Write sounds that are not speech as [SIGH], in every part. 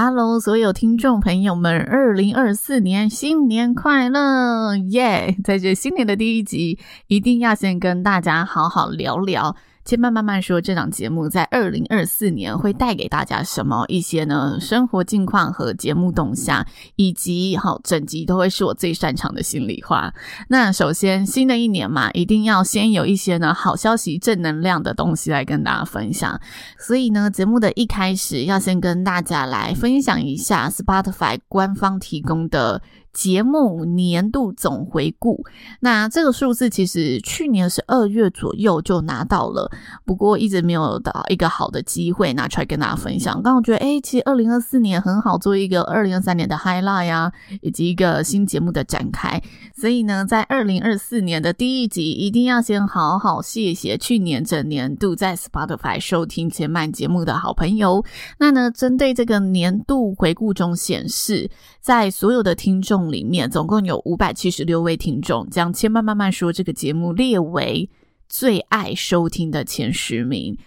哈嘍，所有聽眾朋友們，二零二四年新年快樂！耶、yeah！在這新年的第一集，一定要先跟大家好好聊聊。千嫚嫚嫚說，這檔節目在二零二四年會帶給大家什麼一些呢？生活近況和節目動向，以及好、哦、整集都會是我最擅長的心裡話。那首先，新的一年嘛，一定要先有一些呢好消息、正能量的東西來跟大家分享。所以呢，節目的一開始要先跟大家來分享一下 Spotify 官方提供的。節目年度總回顧，那這個數字其實去年是二月左右就拿到了，不過一直沒有到一個好的機會拿出來跟大家分享。剛剛覺得，哎，其實二零二四年很好，做一個二零二三年的 highlight 啊，以及一個新節目的展開。所以呢，在二零二四年的第一集，一定要先好好謝謝去年整年度在 Spotify 收聽前半節目的好朋友。那呢，針對這個年度回顧中顯示，在所有的聽眾。裡面總共有五百七十六位聽眾將《千嫚嫚嫚說》這個節目列為最愛收聽的前十名。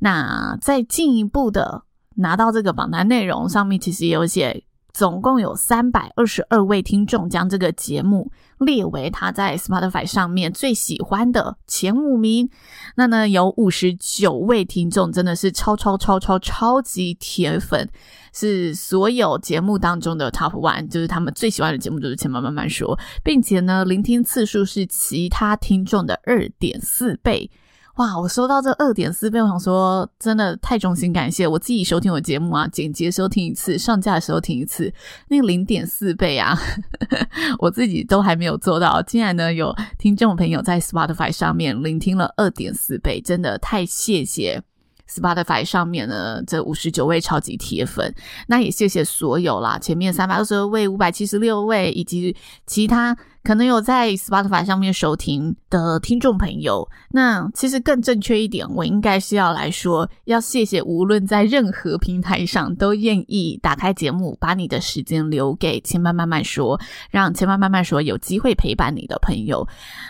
那再進一步的拿到這個榜單內容上面，其實有些。總共有三百二十二位聽眾將這個節目列為他在 Spotify 上面最喜歡的前五名。那呢，有五十九位聽眾真的是超超超超超，超級鐵粉，是所有節目當中的 Top One，就是他們最喜歡的節目就是《千嫚嫚嫚說》，並且呢，聆聽次數是其他聽眾的二點四倍。哇，我收到這二點四倍，我想說，真的太衷心感謝！我自己收聽我的節目啊，剪輯收聽一次，上架的時候聽一次，那個零點四倍啊呵呵，我自己都還沒有做到。竟然呢有聽眾朋友在 Spotify 上面聆聽了二點四倍，真的太謝謝！Spotify 上面呢，這五十九位超級鐵粉，那也謝謝所有啦。前面三百二十二位，五百七十六位以及其他可能有在 Spotify 上面收聽的聽眾朋友，那其實更正確一點，我應該是要來說，要謝謝無論在任何平台上都願意打開節目，把你的時間留給千嫚嫚嫚說，讓千嫚嫚嫚說有機會陪伴你的朋友，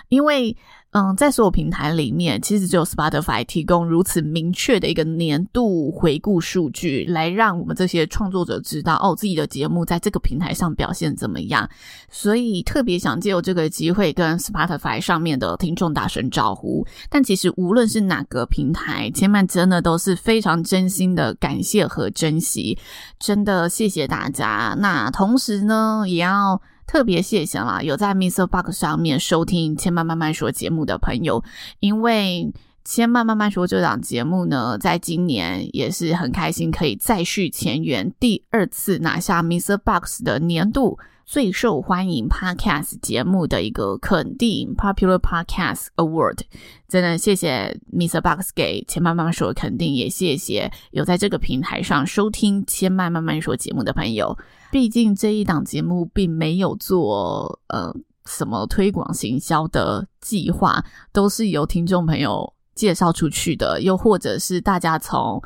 因為。嗯，在所有平台裡面，其實只有 Spotify 提供如此明確的一個年度回顧數據，來讓我們這些創作者知道，哦，自己的節目在這個平台上表現怎麼樣。所以特別想借由這個機會跟 Spotify 上面的聽眾打聲招呼。但其實無論是哪個平台，千嫚真的都是非常真心的感謝和珍惜，真的謝謝大家。那同時呢，也要。特別謝謝啦，有在 Mr. Box 上面收聽《千嫚嫚嫚說》節目的朋友，因為《千嫚嫚嫚說》這檔節目呢，在今年也是很開心可以再續前緣，第二次拿下 Mr. Box 的年度最受歡迎 Podcast 節目的一個肯定 Popular Podcast Award。真的謝謝 Mr. Box 給《千嫚嫚嫚說》肯定，也謝謝有在這個平台上收聽《千嫚嫚嫚說》節目的朋友。畢竟這一檔節目並沒有做呃什麼推廣行銷的計劃，都是由聽眾朋友介紹出去的，又或者是大家從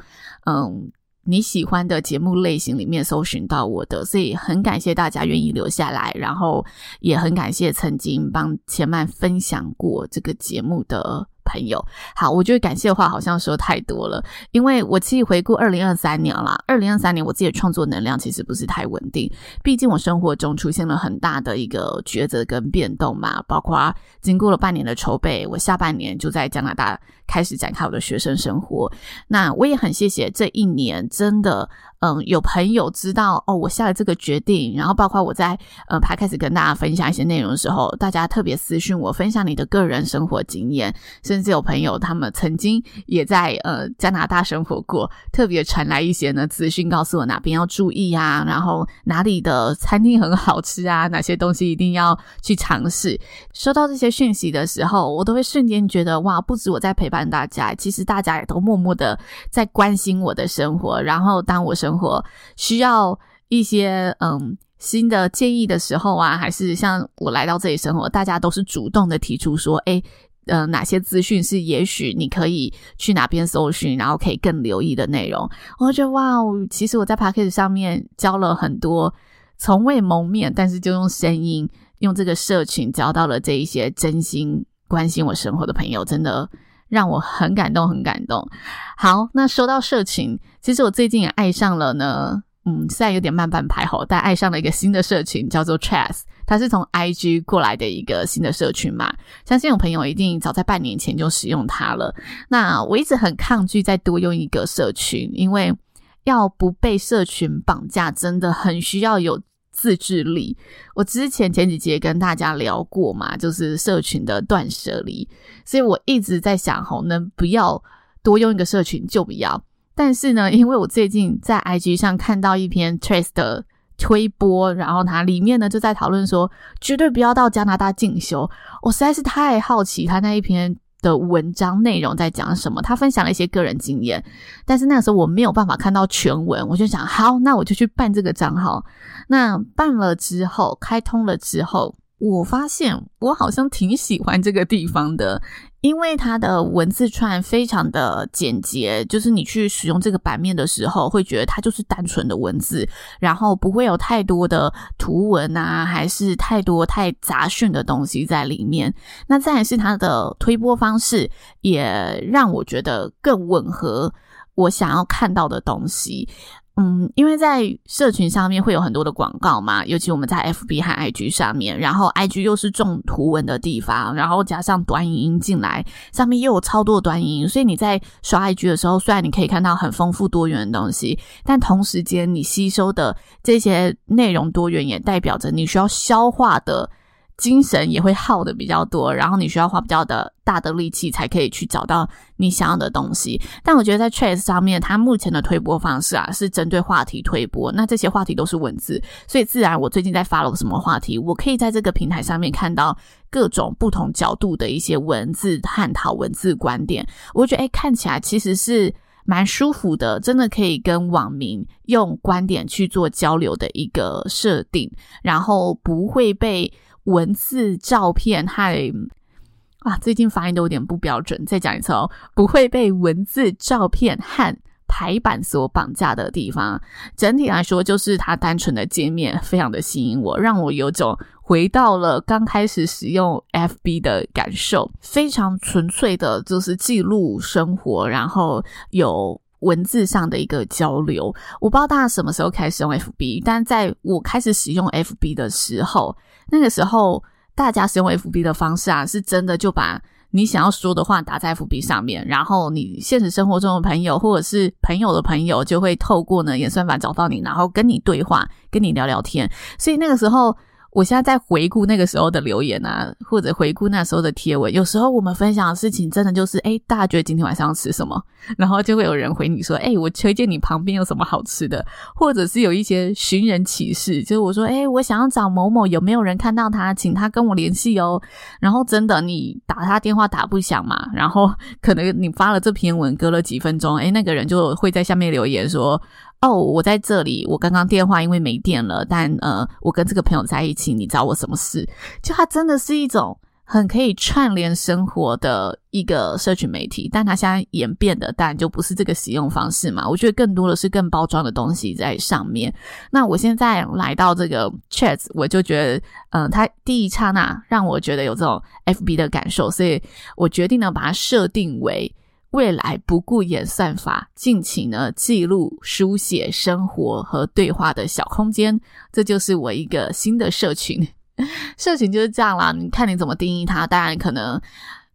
嗯你喜歡的節目類型裡面搜尋到我的，所以很感謝大家願意留下來，然後也很感謝曾經幫千嫚分享過這個節目的。朋友，好，我覺得感謝的話好像說太多了，因為我其實回顧二零二三年啦，二零二三年我自己的創作能量其實不是太穩定，畢竟我生活中出現了很大的一個抉擇跟變動嘛，包括經過了半年的籌備，我下半年就在加拿大。開始展開我的學生生活，那我也很謝謝這一年，真的，嗯，有朋友知道哦，我下了這個決定，然後包括我在呃、開、嗯、始跟大家分享一些內容的時候，大家特別私訊我分享你的個人生活經驗，甚至有朋友他們曾經也在呃、嗯、加拿大生活過，特別傳來一些呢資訊告訴我哪邊要注意啊，然後哪裡的餐廳很好吃啊，哪些東西一定要去嘗試。收到這些訊息的時候，我都會瞬間覺得哇，不止我在陪伴。大家其實大家也都默默的在關心我的生活，然後當我生活需要一些嗯新的建議的時候啊，還是像我來到這裡生活，大家都是主動的提出說：“哎，呃，哪些資訊是也許你可以去哪邊搜尋，然後可以更留意的內容。”我覺得哇，其實我在 Podcast 上面交了很多從未謀面，但是就用聲音用這個社群交到了這一些真心關心我生活的朋友，真的。讓我很感動，很感動。好，那說到社群，其實我最近也愛上了呢。嗯，雖然有點慢半拍哈，但愛上了一個新的社群，叫做 Threads。它是從 IG 過來的一個新的社群嘛，相信有朋友一定早在半年前就使用它了。那我一直很抗拒再多用一個社群，因為要不被社群綁架，真的很需要有。自制力，我之前前幾集也跟大家聊過嘛，就是社群的斷捨離，所以我一直在想吼，能不要多用一個社群就不要。但是呢，因為我最近在 IG 上看到一篇 Threads 的推播，然後它裡面呢就在討論說，絕對不要到加拿大進修。我實在是太好奇他那一篇。的文章內容在講什麼？他分享了一些個人經驗，但是那個時候我沒有辦法看到全文，我就想，好，那我就去辦這個賬號那辦了之後，開通了之後，我發現我好像挺喜歡這個地方的，因為它的文字串非常的簡潔，就是你去使用這個版面的時候，會覺得它就是單純的文字，然後不會有太多的圖文啊，還是太多太雜訊的東西在裡面。那再來是它的推播方式，也讓我覺得更吻合我想要看到的東西。嗯，因為在社群上面會有很多的廣告嘛，尤其我們在 FB 和 IG 上面，然後 IG 又是重圖文的地方，然後加上短影音進來，上面又有超多的短影音，所以你在刷 IG 的時候，雖然你可以看到很豐富多元的東西，但同時間你吸收的這些內容多元，也代表着你需要消化的。精神也會耗的比較多，然後你需要花比較的大的力氣才可以去找到你想要的東西。但我覺得在 Threads 上面，它目前的推播方式啊是針對話題推播，那這些話題都是文字，所以自然我最近在發了個什麼話題，我可以在這個平台上面看到各種不同角度的一些文字探討、文字觀點。我覺得哎，看起來其實是蠻舒服的，真的可以跟網民用觀點去做交流的一個設定，然後不會被。文字、照片，還啊，最近發音都有點不標準，再講一次哦。不會被文字、照片和排版所綁架的地方，整體來說就是它單純的界面，非常的吸引我，讓我有種回到了剛開始使用 FB 的感受。非常純粹的，就是記錄生活，然後有文字上的一個交流。我不知道大家什麼時候開始用 FB，但在我開始使用 FB 的時候。那個時候，大家使用 FB 的方式啊，是真的就把你想要說的話打在 FB 上面，然後你現實生活中的朋友或者是朋友的朋友就會透過呢演算法找到你，然後跟你對話，跟你聊聊天。所以那個時候。我現在在回顧那個時候的留言啊，或者回顧那時候的貼文。有時候我們分享的事情，真的就是，誒、哎，大家覺得今天晚上要吃什麼，然後就會有人回你說，誒、哎，我推薦你旁邊有什麼好吃的，或者是有一些尋人啟事，就是我說，誒、哎，我想要找某某，有沒有人看到他，請他跟我聯繫哦。然後真的，你打他電話打不響嘛，然後可能你發了這篇文，隔了幾分鐘，誒、哎，那個人就會在下面留言說。哦，我在這裡。我剛剛電話因為沒電了，但呃，我跟這個朋友在一起。你找我什麼事？就它真的是一種很可以串聯生活的一個社群媒體，但它現在演變的但就不是這個使用方式嘛。我覺得更多的是更包裝的東西在上面。那我現在來到這個 Chats，我就覺得，嗯、呃，它第一剎那讓我覺得有這種 FB 的感受，所以我決定呢把它設定為。未來不顧演算法，盡情的記錄、書寫生活和對話的小空間，這就是我一個新的社群。 [LAUGHS] 社群就是這樣啦，你看你怎麼定義它。當然，可能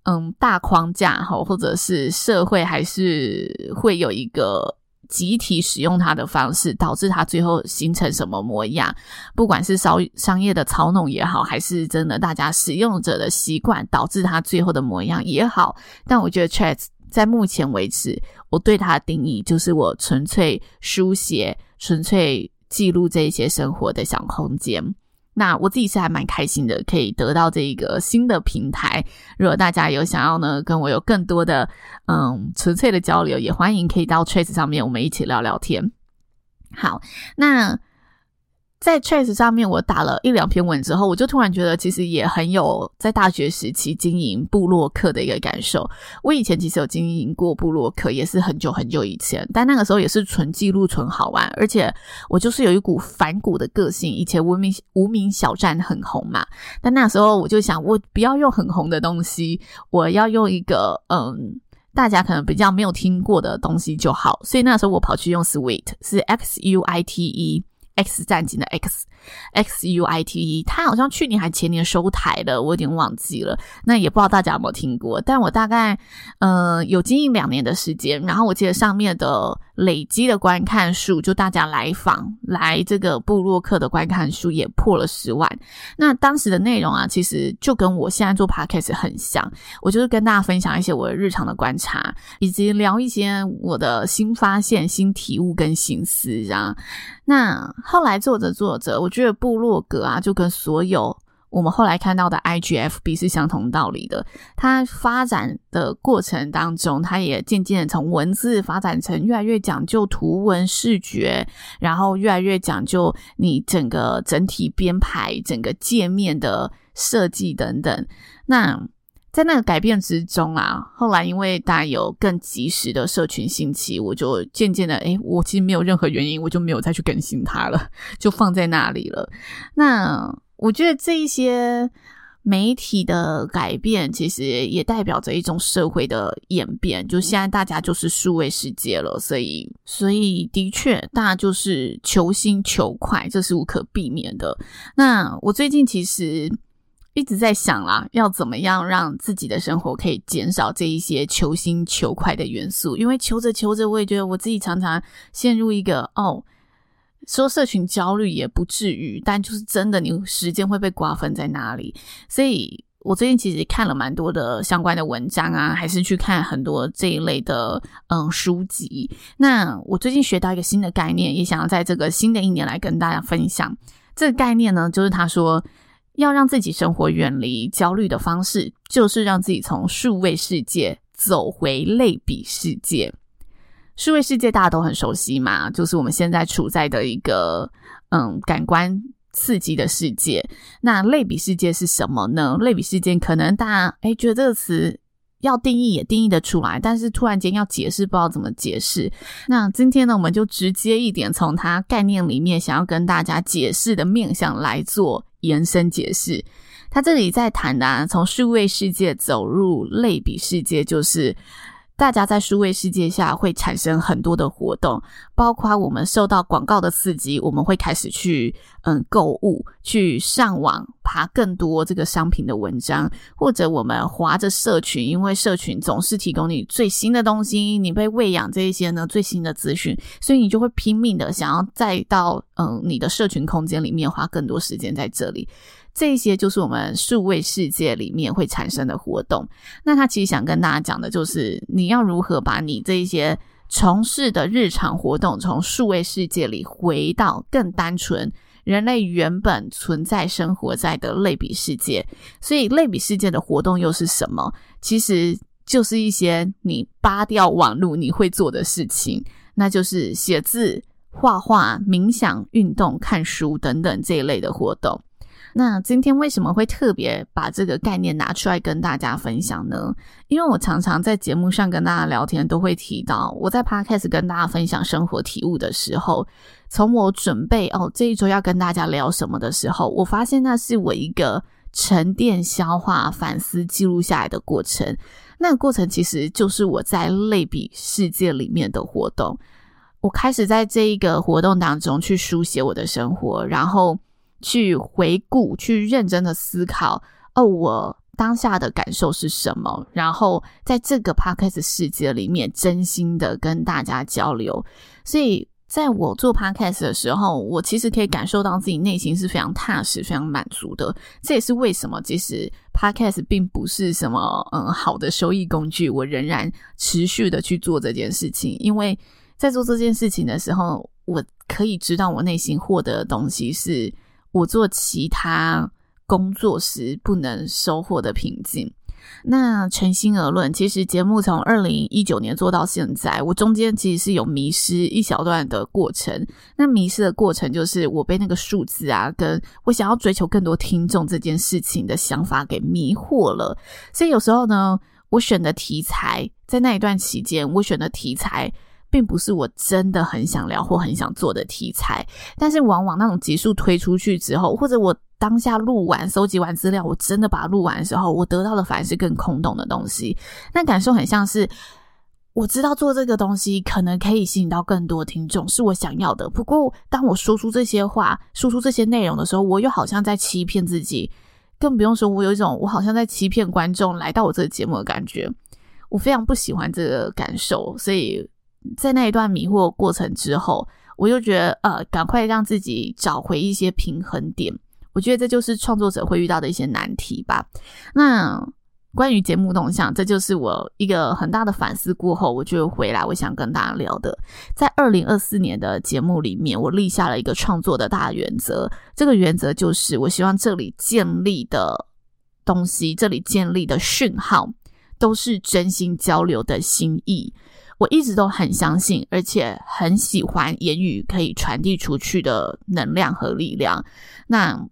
嗯，大框架，或者是社會還是會有一個集體使用它的方式，導致它最後形成什麼模樣。不管是商商業的操弄也好，還是真的大家使用者的習慣導致它最後的模樣也好，但我覺得 Chat。在目前為止，我對它的定義就是我純粹書寫、純粹記錄這些生活的小空間。那我自己是還蠻開心的，可以得到這一個新的平台。如果大家有想要呢，跟我有更多的嗯純粹的交流，也歡迎可以到 Threads 上面我們一起聊聊天。好，那。在 Threads 上面，我打了一兩篇文之後，我就突然覺得其實也很有在大學時期經營部落客的一個感受。我以前其實有經營過部落客，也是很久很久以前，但那個時候也是純記錄、純好玩。而且我就是有一股反骨的個性。以前無名、無名小站很紅嘛，但那時候我就想，我不要用很紅的東西，我要用一個嗯，大家可能比較沒有聽過的東西就好。所以那時候我跑去用 Sweet，是 X U I T E。X 戰警的 X X U I T E，他好像去年還前年收台了，我有點忘記了。那也不知道大家有沒有聽過，但我大概嗯、呃、有經營兩年的時間，然後我記得上面的。累積的觀看數，就大家來訪來這個部落客的觀看數也破了十萬。那當時的內容啊，其實就跟我現在做 Podcast 很像，我就是跟大家分享一些我日常的觀察，以及聊一些我的新發現、新體悟跟心思啊。那後來做着做着，我覺得部落格啊，就跟所有。我們後來看到的 IGFB 是相同道理的，它發展的過程當中，它也漸漸的從文字發展成越來越講究圖文視覺，然後越來越講究你整個整體編排、整個界面的設計等等。那在那個改變之中啊，後來因為大家有更及時的社群興起，我就漸漸的，誒，我其實沒有任何原因，我就沒有再去更新它了，就放在那裡了。那。我覺得這一些媒體的改變，其實也代表着一種社會的演變。就現在大家就是數位世界了，所以，所以的確，大家就是求新求快，這是無可避免的。那我最近其實一直在想啦，要怎麼樣讓自己的生活可以減少這一些求新求快的元素，因為求着求着，我也覺得我自己常常陷入一個哦。說社群焦慮也不至於，但就是真的，你時間會被瓜分在哪裡？所以我最近其實看了蠻多的相關的文章啊，還是去看很多這一類的嗯書籍。那我最近學到一個新的概念，也想要在這個新的一年來跟大家分享。這個概念呢，就是他說要讓自己生活遠離焦慮的方式，就是讓自己從數位世界走回類比世界。數位世界大家都很熟悉嘛，就是我們現在處在的一個嗯感官刺激的世界。那類比世界是什麼呢？類比世界可能大家誒、欸、覺得這個詞要定義也定義得出來，但是突然間要解釋不知道怎麼解釋。那今天呢，我們就直接一點，從它概念裡面想要跟大家解釋的面向來做延伸解釋。它這裡在談的、啊，從數位世界走入類比世界，就是。大家在數位世界下會產生很多的活動，包括我們受到廣告的刺激，我們會開始去嗯購物，去上網爬更多這個商品的文章，或者我們滑著社群，因為社群總是提供你最新的東西，你被餵養這些呢最新的資訊，所以你就會拼命的想要再到嗯你的社群空間裡面花更多時間在這裡。這一些就是我們數位世界裡面會產生的活動。那他其實想跟大家講的，就是你要如何把你這一些從事的日常活動，從數位世界裡回到更單純人類原本存在、生活在的類比世界。所以，類比世界的活動又是什麼？其實就是一些你拔掉網路你會做的事情，那就是寫字、畫畫、冥想、運動、看書等等這一類的活動。那今天為什麼會特別把這個概念拿出來跟大家分享呢？因為我常常在節目上跟大家聊天，都會提到我在 Podcast 跟大家分享生活體悟的時候，從我準備哦這一周要跟大家聊什麼的時候，我發現那是我一個沉澱、消化、反思、記錄下來的過程。那個過程其實就是我在類比世界裡面的活動，我開始在這一個活動當中去書寫我的生活，然後。去回顧，去認真的思考哦，我當下的感受是什麼？然後在這個 podcast 世界裡面，真心的跟大家交流。所以，在我做 podcast 的時候，我其實可以感受到自己內心是非常踏實、非常滿足的。這也是為什麼，即使 podcast 並不是什麼嗯好的收益工具，我仍然持續的去做這件事情。因為在做這件事情的時候，我可以知道我內心獲得的東西是。我做其他工作時不能收穫的平靜。那誠心而論，其實節目從二零一九年做到現在，我中間其實是有迷失一小段的過程。那迷失的過程就是我被那個數字啊，跟我想要追求更多聽眾這件事情的想法給迷惑了。所以有時候呢，我選的題材，在那一段期間，我選的題材。並不是我真的很想聊或很想做的題材，但是往往那種急速推出去之後，或者我當下錄完，收集完資料，我真的把它錄完的時候，我得到的反而是更空洞的東西。那感受很像是我知道做這個東西可能可以吸引到更多聽眾，是我想要的。不過當我說出這些話，說出這些內容的時候，我又好像在欺騙自己，更不用說我有一種我好像在欺騙觀眾來到我這個節目的感覺。我非常不喜歡這個感受，所以，在那一段迷惑過程之後，我就覺得，呃，趕快讓自己找回一些平衡點。我覺得這就是創作者會遇到的一些難題吧。那關於節目動向，這就是我一個很大的反思過後，我就回來，我想跟大家聊的。在二零二四年的節目裡面，我立下了一個創作的大原則。這個原則就是，我希望這裡建立的東西，這裡建立的訊號，都是真心交流的心意。我一直都很相信，而且很喜歡言語可以傳遞出去的能量和力量。那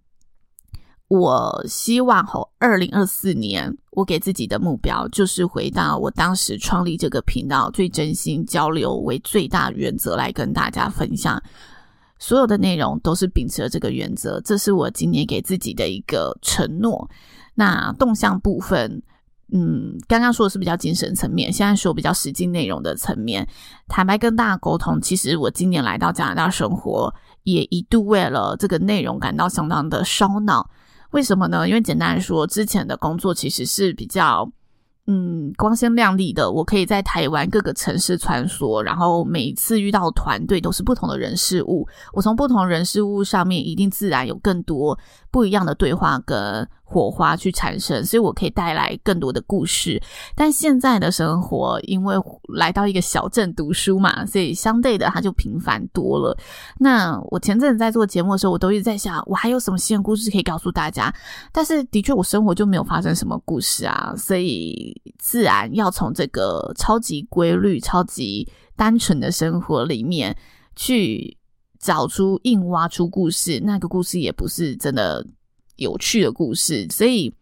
我希望吼，二零二四年我給自己的目標就是回到我當時創立這個頻道，最真心交流為最大原則來跟大家分享。所有的內容都是秉持了這個原則，這是我今年給自己的一個承諾。那動向部分。嗯，剛剛說的是比較精神層面，現在說比較實際內容的層面。坦白跟大家溝通，其實我今年來到加拿大生活，也一度為了這個內容感到相當的燒腦。為什麼呢？因為簡單說，之前的工作其實是比較嗯光鮮亮麗的，我可以在台灣各個城市穿梭，然後每一次遇到團隊都是不同的人事物，我從不同人事物上面一定自然有更多不一樣的對話跟。火花去產生，所以我可以帶來更多的故事。但現在的生活，因為來到一個小鎮讀書嘛，所以相對的它就平凡多了。那我前陣子在做節目的時候，我都一直在想，我還有什麼新的故事可以告訴大家？但是的確，我生活就沒有發生什麼故事啊，所以自然要從這個超級規律、超級單純的生活裡面去找出、硬挖出故事。那個故事也不是真的有趣的故事，所以，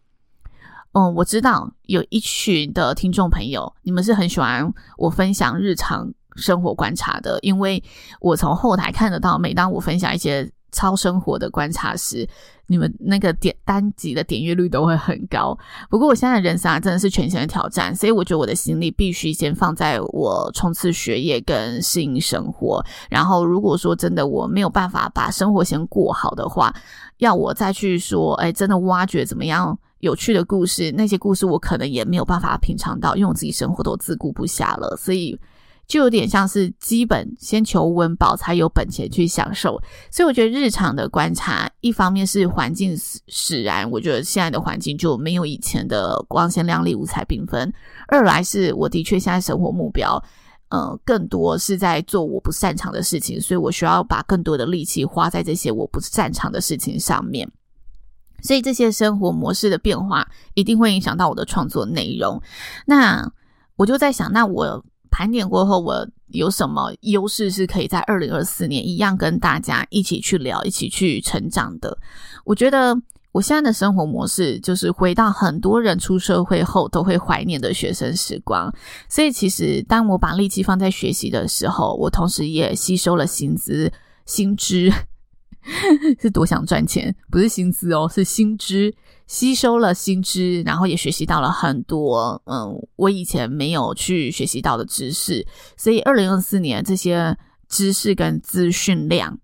嗯，我知道有一群的聽眾朋友，你們是很喜歡我分享日常生活觀察的，因為我從後台看得到，每當我分享一些超生活的觀察師，你們那個點單集的點閱率都會很高。不過我現在的人生啊，真的是全新的挑戰，所以我覺得我的心力必須先放在我衝刺學業跟適應生活。然後如果說真的我沒有辦法把生活先過好的話，要我再去說，哎，真的挖掘怎麼樣有趣的故事，那些故事我可能也沒有辦法品嘗到，因為我自己生活都自顧不暇了，所以。就有點像是基本先求溫飽，才有本錢去享受。所以我覺得日常的觀察，一方面是環境使然，我覺得現在的環境就沒有以前的光鮮亮麗、五彩繽紛。二來是我的確現在生活目標，呃，更多是在做我不擅長的事情，所以我需要把更多的力氣花在這些我不擅長的事情上面。所以這些生活模式的變化，一定會影響到我的創作內容。那我就在想，那我。盤點過後，我有什麼優勢是可以在二零二四年一樣跟大家一起去聊，一起去成長的？我覺得我現在的生活模式就是回到很多人出社會後都會懷念的學生時光。所以，其實當我把力氣放在學習的時候，我同時也吸收了新知、新知。 [LAUGHS] 是多想賺錢，不是薪資哦，是薪資吸收了薪資，然後也學習到了很多，嗯，我以前沒有去學習到的知識。所以二零二四年這些知識跟資訊量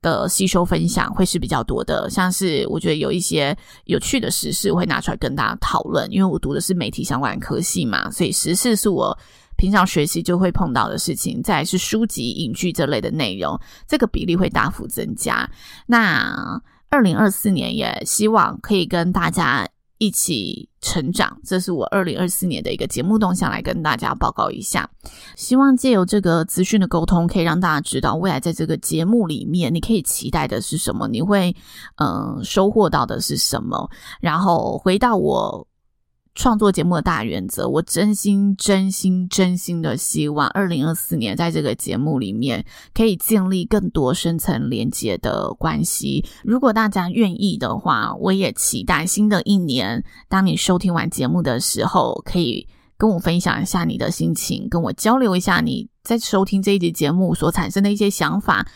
的吸收分享會是比較多的。像是我覺得有一些有趣的實事，我會拿出來跟大家討論，因為我讀的是媒體相關科系嘛，所以實事是我。平常學習就會碰到的事情。再是書籍、影劇這類的內容，這個比例會大幅增加。那2024年也希望可以跟大家一起成長，這是我2024年的一個節目動向，來跟大家報告一下。希望借由這個資訊的溝通，可以讓大家知道未來在這個節目裡面，你可以期待的是什麼，你會嗯收穫到的是什麼。然後回到我，創作節目的大原則，我真心、真心、真心的希望，二零二四年在這個節目裡面可以建立更多深層連結的關係。如果大家願意的話，我也期待新的一年，當你收聽完節目的時候，可以跟我分享一下你的心情，跟我交流一下你在收聽這一集節目所產生的一些想法。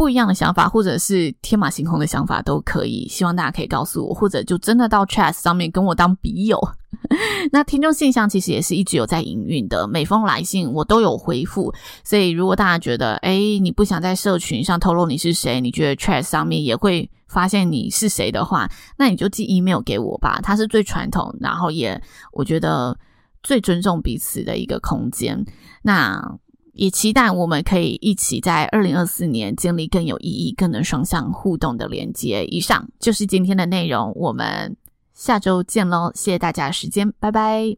不一樣的想法，或者是天馬行空的想法都可以，希望大家可以告訴我，或者就真的到 Threads 上面跟我當筆友。 [LAUGHS] 那聽眾信箱其實也是一直有在營運的，每封來信我都有回復。所以如果大家覺得，誒、欸、你不想在社群上透露你是誰，你覺得 Threads 上面也會發現你是誰的話，那你就寄 email 給我吧，它是最傳統，然後也我覺得最尊重彼此的一個空間。那。也期待我們可以一起在二零二四年建立更有意義、更能雙向互動的連接。以上就是今天的內容，我們下周見嘍！謝謝大家的時間，拜拜。